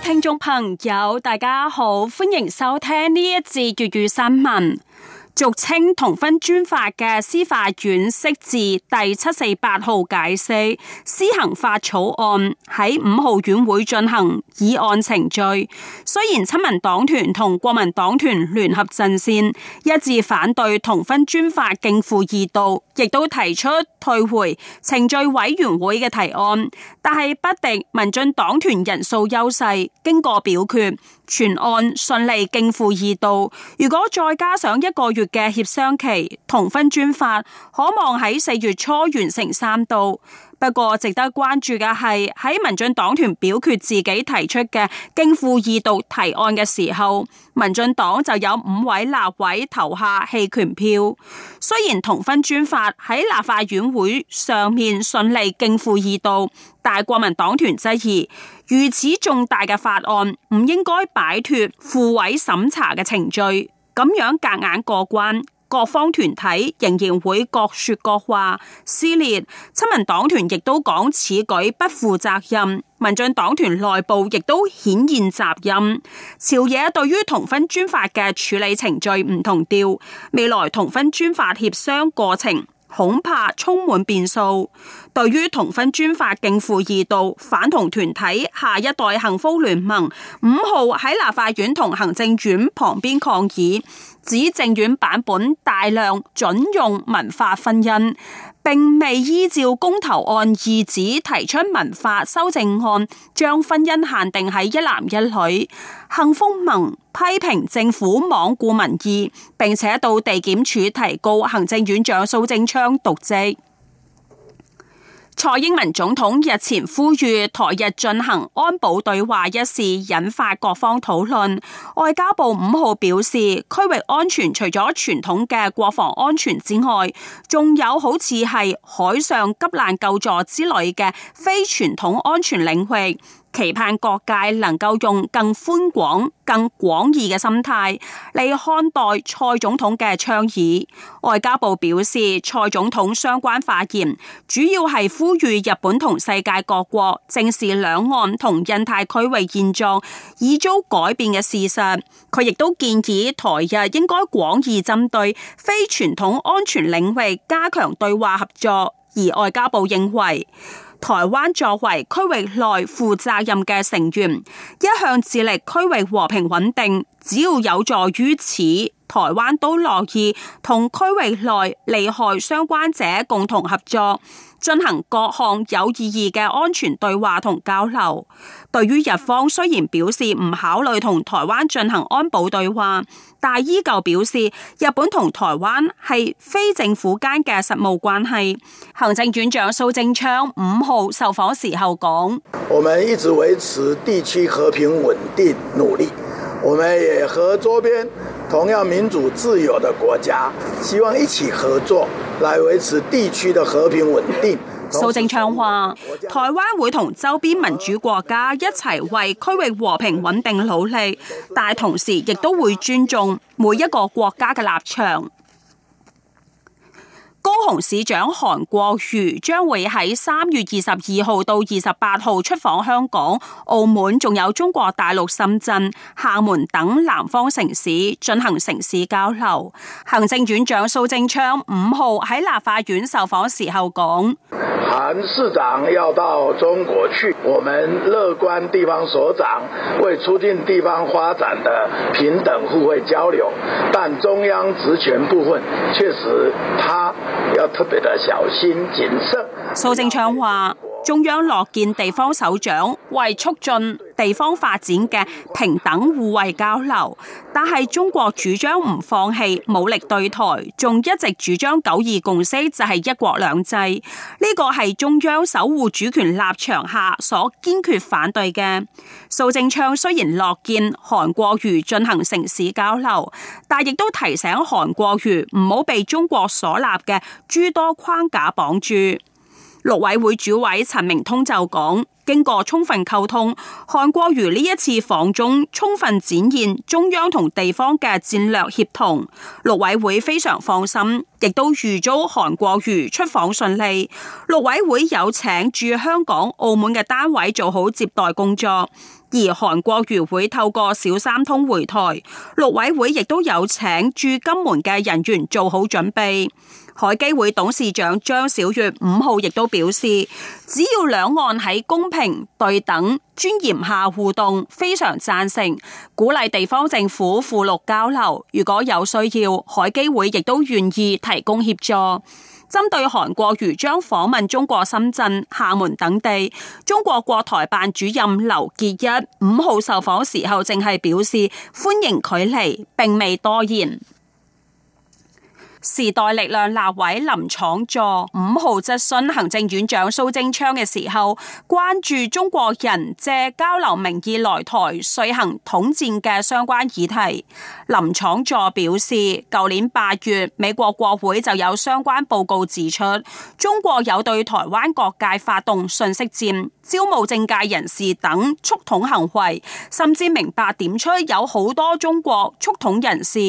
聽眾朋友，大家好，歡迎收聽呢一節粵語新聞。俗稱同婚專法嘅司法院釋字第七四八號解釋施行法草案喺五號院會進行議案程序，雖然親民黨團同國民黨團聯合陣線一致反對同婚專法逕付二讀，亦都提出退回程序委員會嘅提案，但係不敵民進黨團人數優勢，經過表決，全案順利逕付二讀。如果再加上一個月嘅協商期，同婚專法可望喺四月初完成三讀。不過值得關注嘅係喺民進黨團表決自己提出嘅逕付二讀提案嘅時候，民進黨就有五位立委投下棄權票。雖然同婚專法喺立法院會上面順利逕付二讀，但係國民黨團質疑，如此重大嘅法案唔應該擺脫副委審查嘅程序。咁樣夾硬，硬過關，各方團體仍然會各說各話，撕裂。親民黨團亦都講此舉不負責任，民進黨團內部亦都顯現責任。朝野對於同婚專法嘅處理程序唔同調，未來同婚專法協商過程。恐怕充滿變數。對於同婚專法逕付二讀，反同團體下一代幸福聯盟五號喺立法院同行政院旁邊抗議，指政院版本大量準用文化婚姻。並未依照公投案意旨提出民法修正案，將婚姻限定喺一男一女。幸福盟批評政府罔顧民意，並且到地檢署提告行政院長蘇貞昌瀆職。蔡英文總統日前呼籲台日進行安保對話一事，引發各方討論。外交部五號表示，區域安全除咗傳統嘅國防安全之外，仲有好似係海上急難救助之類嘅非傳統安全領域。期盼各界能夠用更寬廣、更廣義嘅心態嚟看待蔡總統嘅倡議。外交部表示，蔡總統相關發言主要係呼籲日本同世界各國正視兩岸同印太區域現狀已遭改變嘅事實。佢亦都建議台日應該廣義針對非傳統安全領域加強對話合作，而外交部認為。台灣作為區域內負責任嘅成員，一向致力區域和平穩定，只要有助於此。台灣都樂意同區域內利害相關者共同合作，進行各項有意義嘅安全對話同交流。對於日方雖然表示唔考慮同台灣進行安保對話，但依舊表示日本同台灣係非政府間嘅實務關係。行政院長蘇貞昌五號受訪時候講：我們一直維持地區和平穩定努力，我們也和周邊。同樣民主自由的國家，希望一起合作，來維持地區的和平穩定。蘇 貞昌話：台灣會同周邊民主國家一齊為區域和平穩定努力，但同時亦都會尊重每一個國家嘅立場。高雄市長韓國瑜將會喺三月二十二號到二十八號出訪香港、澳門，仲有中國大陸深圳、廈門等南方城市進行城市交流。行政院長蘇貞昌五號喺立法院受訪時候講。韓市長要到中國去，我們樂觀地方所長為促進地方發展的平等互惠交流，但中央職權部分確實他要特別的小心謹慎。蘇貞昌話：中央樂見地方首長，為促進。地方發展嘅平等互惠交流，但係中國主張唔放棄武力對台，仲一直主張九二共識就係一國兩制，呢、這個係中央守護主權立場下所堅決反對嘅。蘇貞昌雖然樂見韓國瑜進行城市交流，但亦都提醒韓國瑜唔好被中國所立嘅諸多框架綁住。陸委會主委陳明通就講，經過充分溝通，韓國瑜呢一次訪中充分展現中央同地方嘅戰略協同，陸委會非常放心，亦都預祝韓國瑜出訪順利。陸委會有請駐香港、澳門嘅單位做好接待工作。而韓國瑜會透過小三通回台，陸委會亦都有請駐金門嘅人員做好準備。海基會董事長張小月五號亦都表示，只要兩岸喺公平對等、尊嚴下互動，非常贊成鼓勵地方政府赴陸交流。如果有需要，海基會亦都願意提供協助。針對韓國瑜將訪問中國深圳、廈門等地，中國國台辦主任劉結一五號受訪時候，淨係表示歡迎佢嚟，並未多言。時代力量立委林昶佐五號質詢行政院長蘇貞昌嘅時候，關注中國人借交流名義來台遂行統戰嘅相關議題。林昶佐表示，舊年八月美國國會就有相關報告指出，中國有對台灣各界發動信息戰、招募政界人士等促統行為，甚至明白點出有好多中國促統人士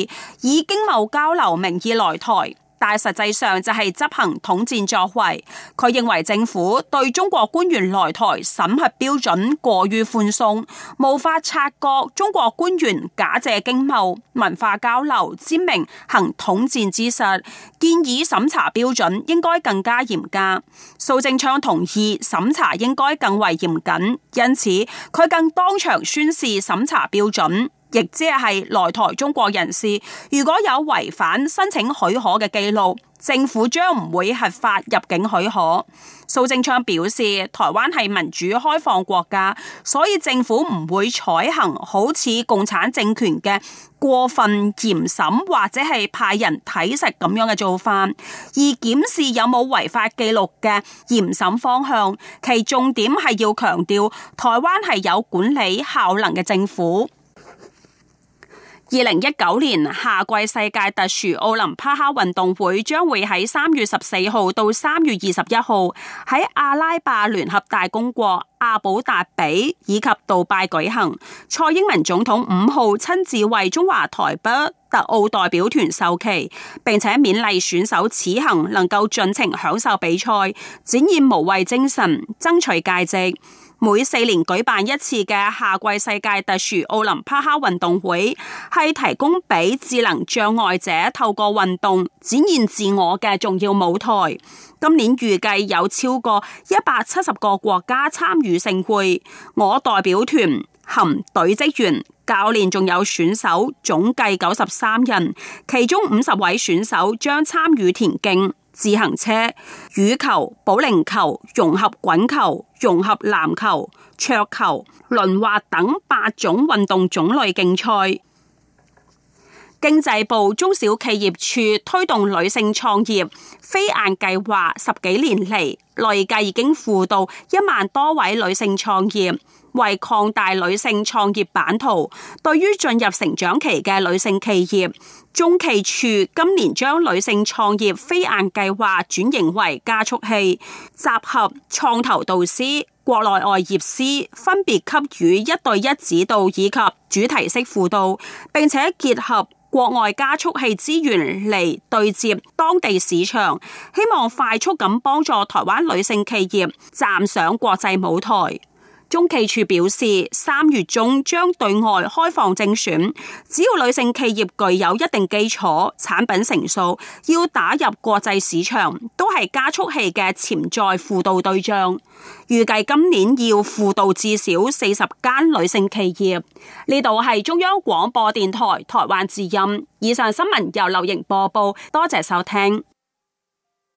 以經貿交流名義來。台，但實際上就係執行統戰作為。佢認為政府對中國官員來台審核標準過於寬鬆，無法察覺中國官員假借經貿、文化交流之名行統戰之實，建議審查標準應該更加嚴格。蘇貞昌同意審查應該更為嚴謹，因此佢更當場宣示審查標準。亦即係來台中國人士，如果有違反申請許可嘅記錄，政府將唔會合法入境許可。蘇貞昌表示，台灣係民主開放國家，所以政府唔會採行好似共產政權嘅過分嚴審，或者係派人睇實咁樣嘅做法，而檢視有冇違法記錄嘅嚴審方向，其重點係要強調台灣係有管理效能嘅政府。二零一九年夏季世界特殊奧林匹克運動會將會喺三月十四號到三月二十一號喺阿拉伯聯合大公國阿布達比以及杜拜舉行。蔡英文總統五號親自為中華台北特奧代表團授旗，並且勉勵選手此行能夠盡情享受比賽，展現無畏精神，爭取佳績。每四年舉辦一次嘅夏季世界特殊奧林匹克運動會，係提供俾智能障礙者透過運動展現自我嘅重要舞台。今年預計有超過一百七十個國家參與盛會，我代表團含隊職員、教練仲有選手，總計九十三人，其中五十位選手將參與田徑。自行車、羽球、保齡球、融合滾球、融合籃球、桌球、輪滑等八種運動種類競賽。經濟部中小企業處推動女性創業，飛雁計劃十幾年嚟。累計已經輔導一萬多位女性創業，為擴大女性創業版圖，對於進入成長期嘅女性企業，中期處今年將女性創業飛雁計劃轉型為加速器，集合創投導師、國內外業師，分別給予一對一指導以及主題式輔導，並且結合國外加速器資源嚟對接當地市場，希望快速咁幫助台灣。女性企業站上國際舞台，中企處表示，三月中將對外開放徵選，只要女性企業具有一定基礎、產品成數，要打入國際市場，都係加速器嘅潛在輔導對象。預計今年要輔導至少四十間女性企業。呢度係中央廣播電台台灣之音，以上新聞由劉瑩播報，多謝收聽。